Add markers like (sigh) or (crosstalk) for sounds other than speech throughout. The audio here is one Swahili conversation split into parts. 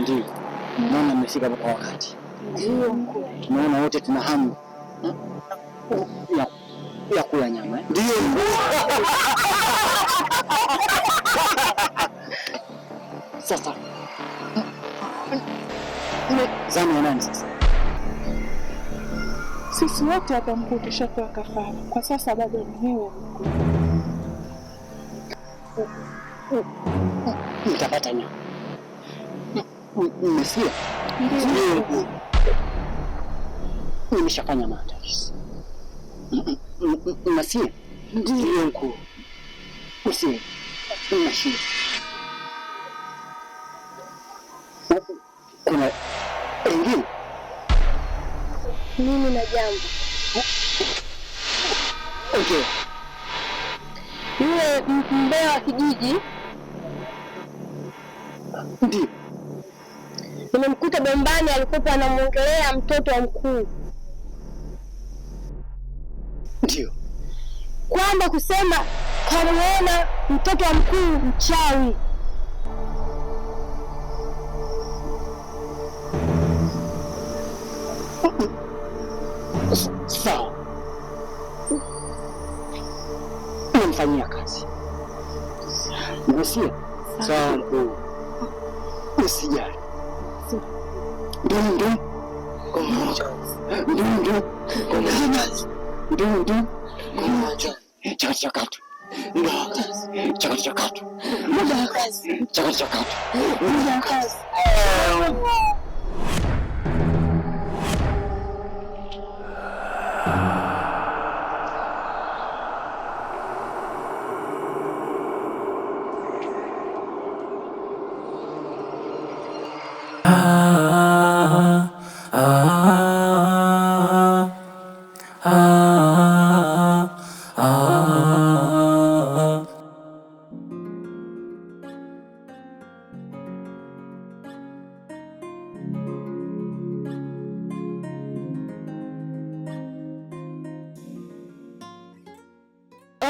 Ndio naona amefika kwa wakati. Tunaona wote tuna hamu ya kula nyama. Ndio sasa zamu ya nani sasa? Sisi wote hapa mkuu tushatoa kafara, kwa sasa bado ni wewe mkuu. Mtapata nyama kunyisia nimeshakanya maandalizi masie ndiyo kuna engine mimi na jambo okay. Yule mbea wa kijiji ndio nimemkuta bombani, alikuwa anamwongelea mtoto wa mkuu, ndio kwamba kusema kamuona mtoto wa mkuu mchawi. Sawa, namfanyia kazi Mgusia. Sawa mkuu, usijali. Chakati chakati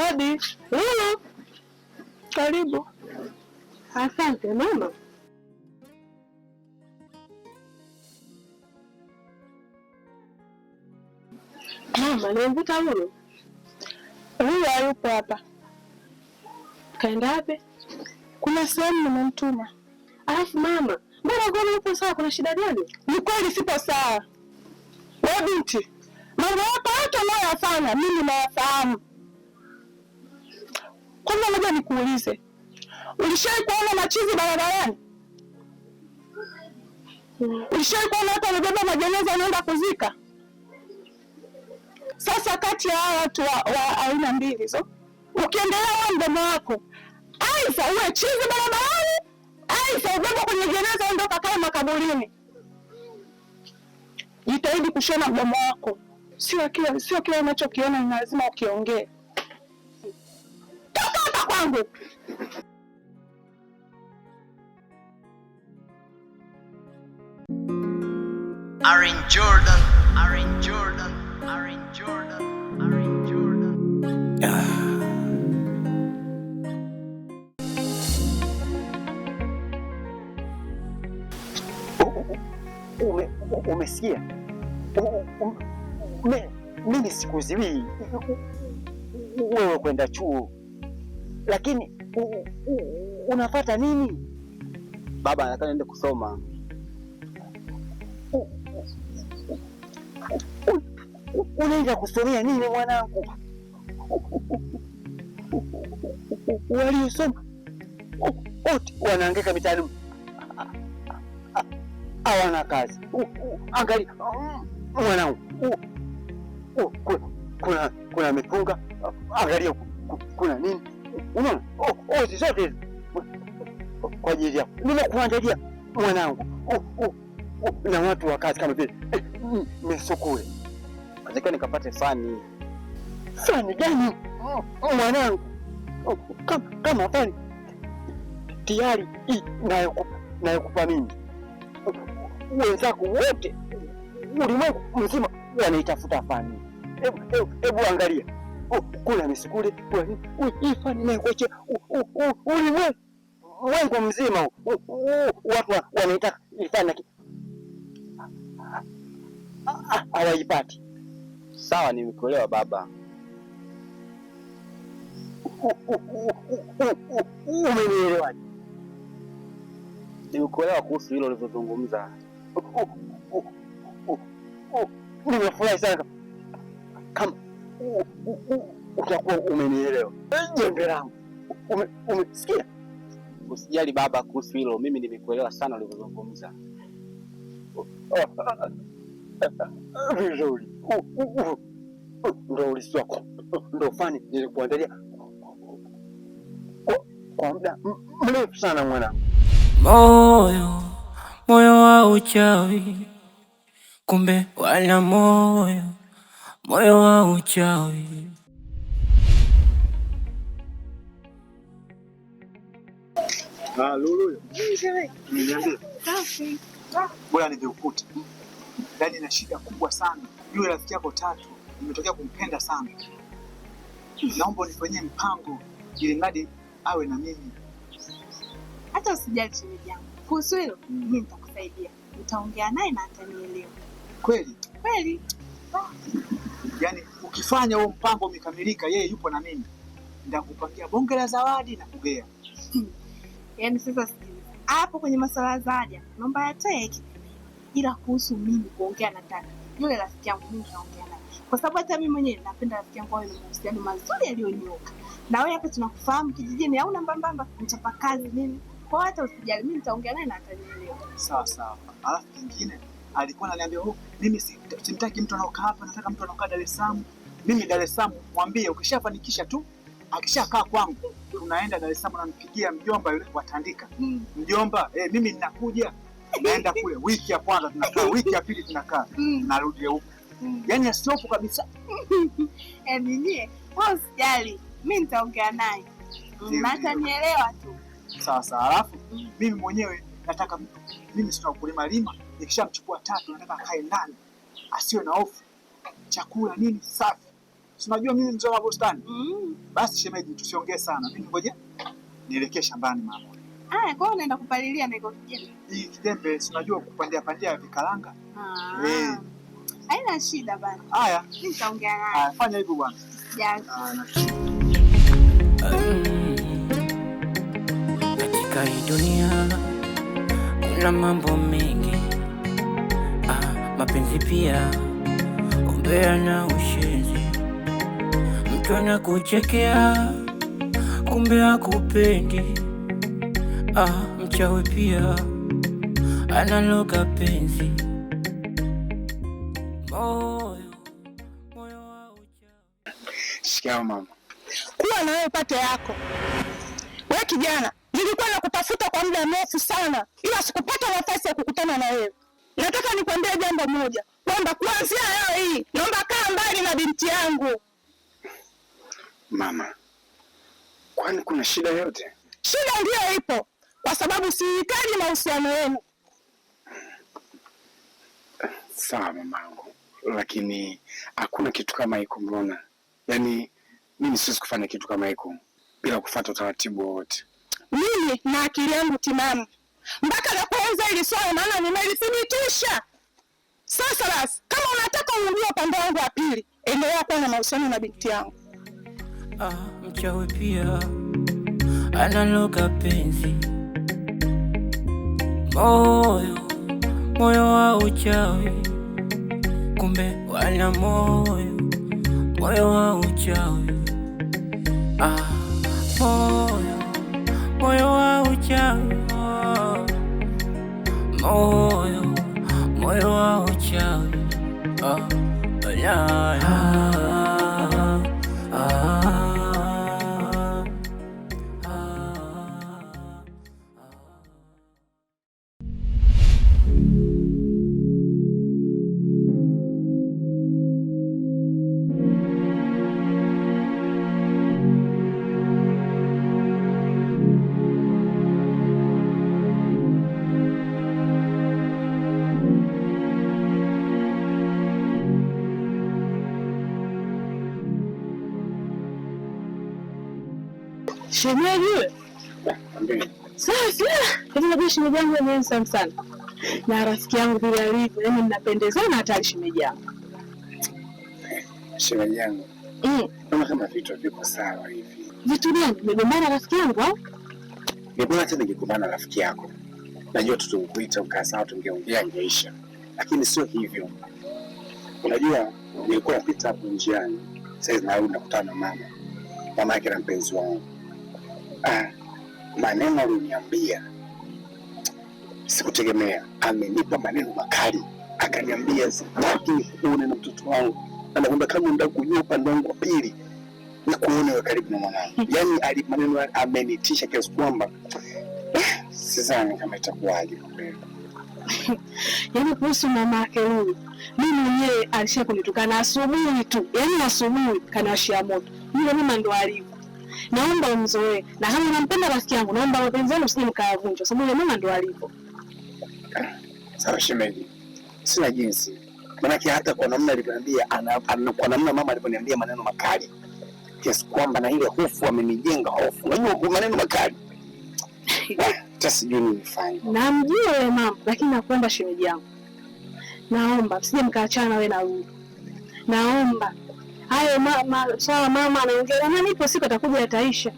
Dadi huyo, karibu. Asante mama. Mama, nimemkuta huyo huyo, hayupo hapa, kaenda wapi? Kuna sehemu nimemtuma. Alafu mama, mbona gona upo sawa? Kuna shida gani? Ni kweli sipo sawa, Wewe binti, mambo yako yote unayoyafanya mimi nayafahamu kwanza moja nikuulize, ulishawahi kuona machizi barabarani? Ulishawahi kuona watu wamebeba majeneza wanaenda kuzika? Sasa kati ya hawa watu wa aina mbili zo ukiendelea huwa mdomo wako, aidha uwe chizi barabarani, aidha ubebwa kwenye jeneza uende kakae makaburini. Jitahidi kushona mdomo wako, sio kila sio kila unachokiona ni lazima ukiongee wangu. Aaron Jordan, Aaron Jordan, Aaron Jordan, Aaron Jordan. Umesikia? Mimi sikuziwii wewe kwenda chuo lakini unafata nini? Baba anataka niende kusoma. Unaenda kusomea nini mwanangu? Waliosoma wote wanaangaika mitaani, hawana kazi. Angalia mwanangu, kuna mipunga, angalia kuna nini unaona, oh, oh, hizi zote kwa ajili yako nimekuandalia mwanangu, oh, na watu wa kazi kama vile eh, mm, misukule atakiwa nikapate fani. Fani gani mm, mwanangu? Kama fani tayari nayokupa mimi, wenzako wote ulimwengu mzima wanaitafuta fani. Hebu angalia kuna misikule, kuna ifani nakuacha ulimwengu mzima, watu wanaitaka ifani hawaipati. Sawa, nimekuelewa baba. Umenielewaje? Nimekuelewa kuhusu hilo ulivyozungumza. Nimefurahi sana kama utakuwa umenielewa. Jembe langu umesikia? Usijali baba kuhusu hilo, mimi nimekuelewa sana ulivyozungumza (laughs) vizuri. Ndo ulisi wako ndo fani nilikuandalia kwa muda mrefu sana mwanangu. Moyo moyo wa uchawi, kumbe wana moyo moyo wa uchawi. Ah, Lulu. Bora niviukute. Yaani na shida kubwa sana. Yule rafiki yako Tatu nimetokea kumpenda sana. Naomba unifanyie mpango ili mradi awe na mimi. Hata usijali shemeji yangu. Kuhusu hilo mimi nitakusaidia. Nitaongea naye na atanielewa. Kweli? Kweli yani ukifanya huo mpango umekamilika, yeye yupo na mimi, ndakupakia bonge la zawadi na kugea. (laughs) Yani sasa hapo kwenye masuala ya zawadi naomba yateke, ila kuhusu mimi kuongea na nataka yule rafiki yangu mimi naongea naye, kwa sababu hata mimi mwenyewe napenda rafiki yangu awe na mahusiano mazuri yaliyonyoka. Na wewe hapa tunakufahamu kijijini, au na mbambamba, mchapa kazi nini, kwa hata usijali, mimi nitaongea naye na atanielewa. Sawa sawa, alafu kingine alikuwa ananiambia oh, mimi simtaki mtu anaokaa hapa, nataka mtu anaokaa Dar es Salaam. Mimi Dar es Salaam, mwambie ukishafanikisha tu, akishakaa kwangu tunaenda Dar es Salaam, nampigia mjomba yule watandika mm. mjomba eh, mimi ninakuja, naenda kule wiki ya kwanza tunakaa, (laughs) wiki ya pili tunakaa mm. narudi huko mm. yani asiofu kabisa (laughs) Eminie, eh, usijali, mimi nitaongea naye na tu. Sasa alafu hmm. mimi mwenyewe nataka mimi sina ukulima lima nikishamchukua tatu nataka akae ndani asiwe na hofu, chakula nini safi. Unajua mimi mzee wa bustani. Mm. Basi shemeji, tusiongee sana, mimi ngoja nielekee shambani mama. Ah, kwa unaenda kupalilia na iko kijembe. Hii kijembe si unajua kupandia pandia vikalanga. Ah. Eh. Haina shida bana. Haya, mimi nitaongea naye. Haya, fanya hivyo bwana. Ah, mm. Katika hii dunia kuna mambo mengi mapenzi pia, umbea na ushenzi. Mtu anakuchekea kumbe akupendi ah, mchawi pia analoga penzi Sikia mama, kuwa na wewe pate yako. We kijana, nilikuwa nakutafuta kwa muda mrefu sana, ila sikupata nafasi ya kukutana na wewe nataka nikwambie jambo moja kwamba kuanzia leo hii naomba kaa mbali na binti yangu. Mama, kwani kuna shida yote? Shida ndiyo ipo, kwa sababu sihitaji mahusiano yenu. Sawa mamangu, lakini hakuna kitu kama hiko. Mbona yaani mimi siwezi kufanya kitu kama hiko bila kufata utaratibu wowote. Mimi na akili yangu timamu mpaka napouza ili swala, maana nimelithibitisha. Sasa basi, kama unataka uingie upande wangu wa pili, endelea kuwa na mahusiano na binti yangu. Ah, mchawi pia analoka penzi, moyo moyo wa uchawi, kumbe wana moyo moyo wa uchawi. Ah, moyo moyo wa uchawi moyo, moyo wa uchawi, oh, Shemeji yule. Sasa hivi nabii shemeji yangu ni sana sana. Na rafiki yangu vile alivyo, yaani mnapendezana hata alishemeji yangu. Shemeji yangu. Mm. Kama kama vitu viko sawa hivi. Vitu gani? Nimegombana rafiki yangu au? Ni bora tena ningegombana rafiki yako. Najua tutakuita ukaa sawa, tungeongea ingeisha. Lakini sio hivyo. Unajua nilikuwa napita hapo njiani. Sasa narudi nakutana na mama. Mama yake na mpenzi wangu. Ah, maneno aliniambia sikutegemea. Amenipa maneno makali, akaniambia sitaki uone na mtoto wangu, anakwambia kama unataka kujua upande wangu wa pili ni kuone wa karibu na mwanangu. (laughs) Yani ali maneno amenitisha kiasi kwamba eh, sizani kama itakuwaje kwa yaani, kuhusu mama yake huyu, mimi mwenyewe alisha kunitukana asubuhi tu, yani asubuhi kanawashia moto yule mama, ndo alivyo naomba umzoe, na kama unampenda rafiki yangu, naomba mapenzi yenu usije mkayavunja, sababu yeye mama ndo alipo. Sawa shemeji, sina jinsi, maanake hata kwa namna alivyoniambia, kwa namna mama alivyoniambia maneno makali kiasi kwamba na ile hofu amenijenga hofu, unajua maneno makali (laughs) eh, hata sijui nifanye. Namjua wewe mama, lakini nakuomba shemeji yangu, naomba msije mkaachana wewe na Lulu, naomba hayo mama, sawa mama anaongea na nipo, siku atakuja ataisha.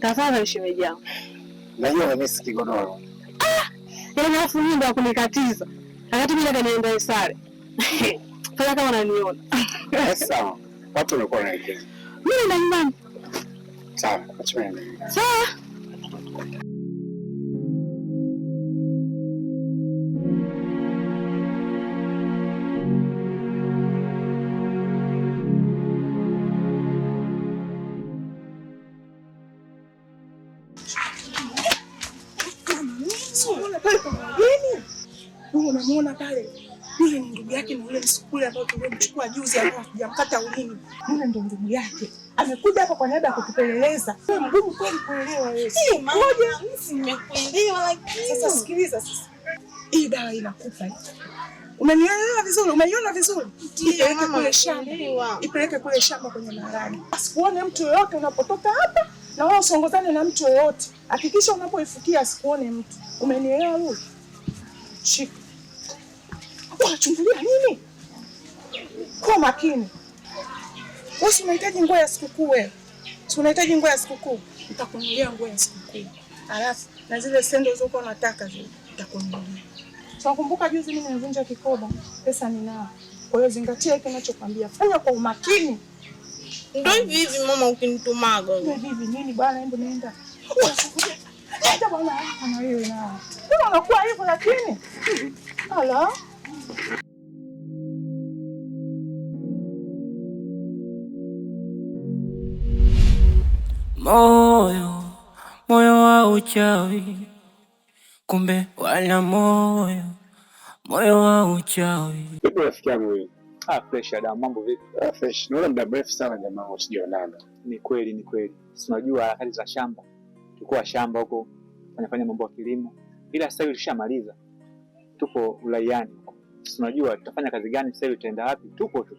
Tafadhali shemeji yangu, najua mimi si kigodoro. Ah, yaani alafu nyimbo kunikatiza akati mimi kanienda sare fanya kama unaniona eh, sawa, watu wanakuwa wanaelekea mimi na nyumbani sawa, sawa. pale, yule ni ndugu yake, na yule msukule ambayo tulimchukua juzi, ambao hatujampata ulimi, yule ndo ndugu yake. Amekuja hapa kwa niaba ya kutupeleleza. Wewe mgumu kweli kuelewa wewe. Eh, moja nimekuelewa lakini. Sasa sikiliza sasa. Hii dawa inakufa. Umenielewa vizuri? Umeiona vizuri? Ipeleke kule shamba. Ipeleke kule shamba kwenye maharage. Asikuone mtu yoyote unapotoka hapa na wewe usongozane na mtu yoyote. Hakikisha unapoifikia asikuone mtu. Umenielewa wewe? Shika hapo nini? Kuwa makini. Wewe unahitaji nguo ya sikukuu wewe. Si unahitaji nguo ya sikukuu? Nitakununulia nguo ya sikukuu. Alafu na zile sendo zako unataka zile nitakununulia. Tunakumbuka juzi mimi nilivunja kikoba, pesa ninao. Kwa hiyo zingatia hiki ninachokwambia. Fanya kwa umakini. Ndio hivi hivi mama ukinitumaga. Ndio hivi nini bwana hebu nenda. Hata bwana hapa na wewe na. nao. Unakuwa hivyo lakini. Ala. Moyo, moyo wa uchawi, kumbe wana moyo, moyo wa uchawi. Rafiki yangu huyu. Ah, presha da, mambo vipi? Ah, fresh. Naona muda mrefu sana jamaa usijionana. Ni kweli, ni kweli. sinajua harakati za shamba. Tulikuwa shamba huko, tunafanya mambo ya kilimo. Ila sasa hivi tushamaliza. Tuko uraiani tunajua tutafanya kazi gani sasa hivi, tutaenda wapi, tuko tu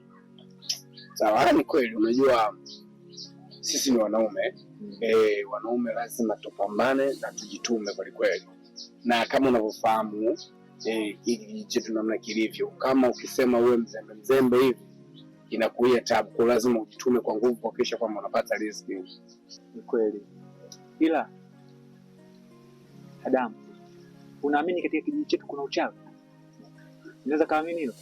sawa. Ni kweli, unajua sisi ni wanaume mm. E, wanaume lazima tupambane na tujitume kwelikweli, na kama unavyofahamu e, kijiji chetu namna kilivyo, kama ukisema uwe mzembe mzembe hivi inakuia tabu, kwa lazima ujitume kwa nguvu kuhakikisha kwamba unapata riziki. Ni kweli, ila Adamu, unaamini katika kijiji chetu kuna uchawi? Unaweza kaamini hilo?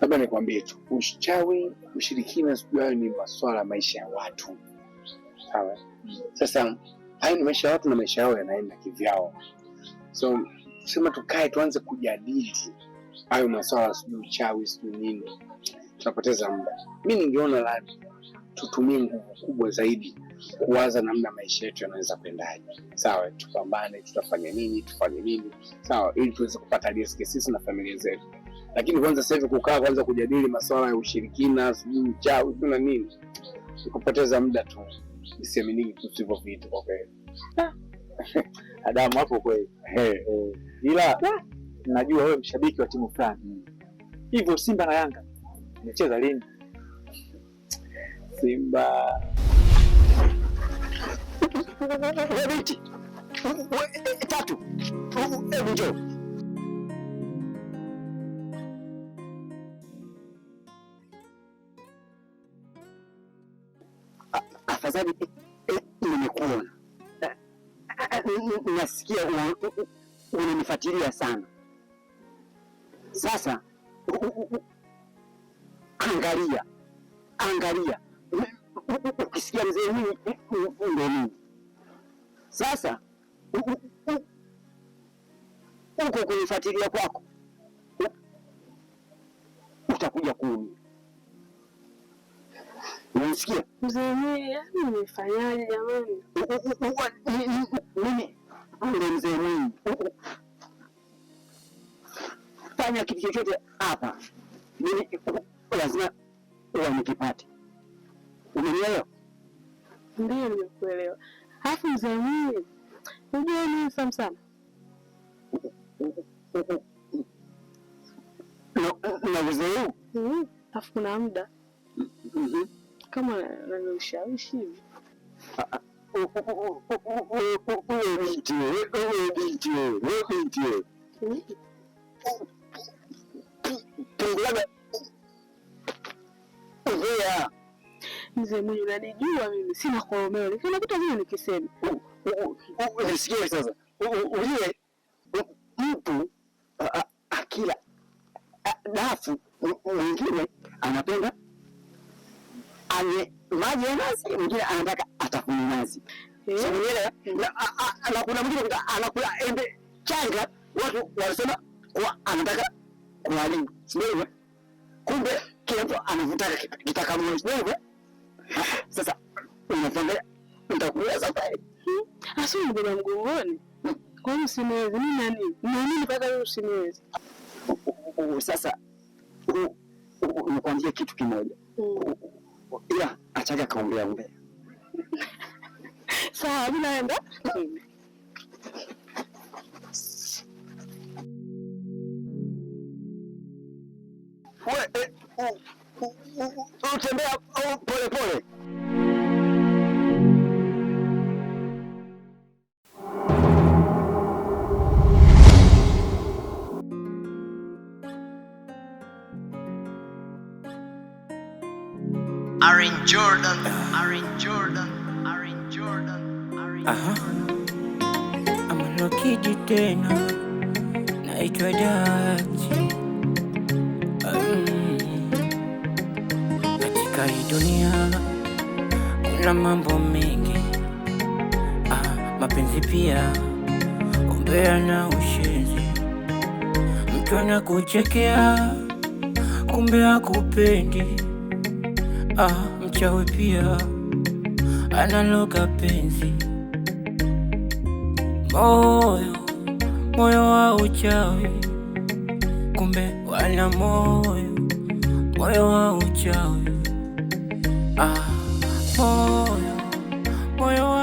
Labda nikwambie tu, uchawi, ushirikina, sijui ni maswala ya maisha ya watu. Sawa. Sasa hayo ni maisha ya watu na maisha yao yanaenda kivyao, so sema tukae tuanze kujadili hayo maswala, sijui uchawi, sijui nini, tunapoteza muda. Mi ningeona la tutumie nguvu kubwa zaidi kuwaza namna maisha yetu yanaweza kwendaje. Sawa, tupambane, tutafanya nini, tufanye nini, sawa, ili tuweze kupata riski sisi na familia zetu. Lakini kwanza sasa hivi kukaa kwanza kujadili masuala ya ushirikina, sijui tu na nini, kupoteza muda tu, isiaminiki hivyo vitu kwa kweli. (laughs) Adamu hapo kweli, eh, ila najua wewe mshabiki wa timu fulani hivyo, Simba na Yanga inacheza lini? Simba binti tatu, hebu njoo. Afadhali eh, nimekuona, nasikia unanifuatilia sana. Sasa angalia, angalia ukisikia mzee, mimi ndo mimi sasa huko kunifuatilia kwako utakuja kumi Unasikia mzee? Yaani nimefanyaje jamani? Mimi ule mzee mwenye fanya kitu chochote hapa, mimi lazima uwa nikipate. Umenielewa? Ndio, nimekuelewa. Alafu mzee wangu unajua nini Samsam? Na mzee wangu alafu kuna muda mm-hmm. kama nanishawishi hivi mzee mwenye unanijua mimi sina koromeo, kuna kitu vile nikisema nisikie sasa. Ujue mtu akila dafu mwingine anapenda anye maji ya nazi, mwingine anataka atafuni nazi, eh? na kuna mwingine anakula embe changa. Watu wanasema kwa anataka kuharibu, kumbe kila mtu anavutaka kitakamoja. Sasa Unaangalia nitakulia safari. Hmm? Asiye ah, mbona mgongoni? Kwa hiyo usiniwezi mimi nani? Nani mpaka wewe usiniwezi? Sasa nikwambie kitu kimoja. Hmm. Ila achaga kaongea umbea (laughs) Sawa, mimi naenda. Wewe hmm. eh, utembea pole pole. Jordan, Aaron Jordan, Aaron Jordan, Aaron Aha. Amalokiji tena naitwa Dati um. katika hii dunia kuna mambo mengi ah, mapenzi pia umbea na ushenzi, mtu anakuchekea kumbe akupendi ah mchawi pia analoga penzi, moyo moyo wa uchawi, kumbe wana moyo moyo wa uchawi ah, moyo moyo wa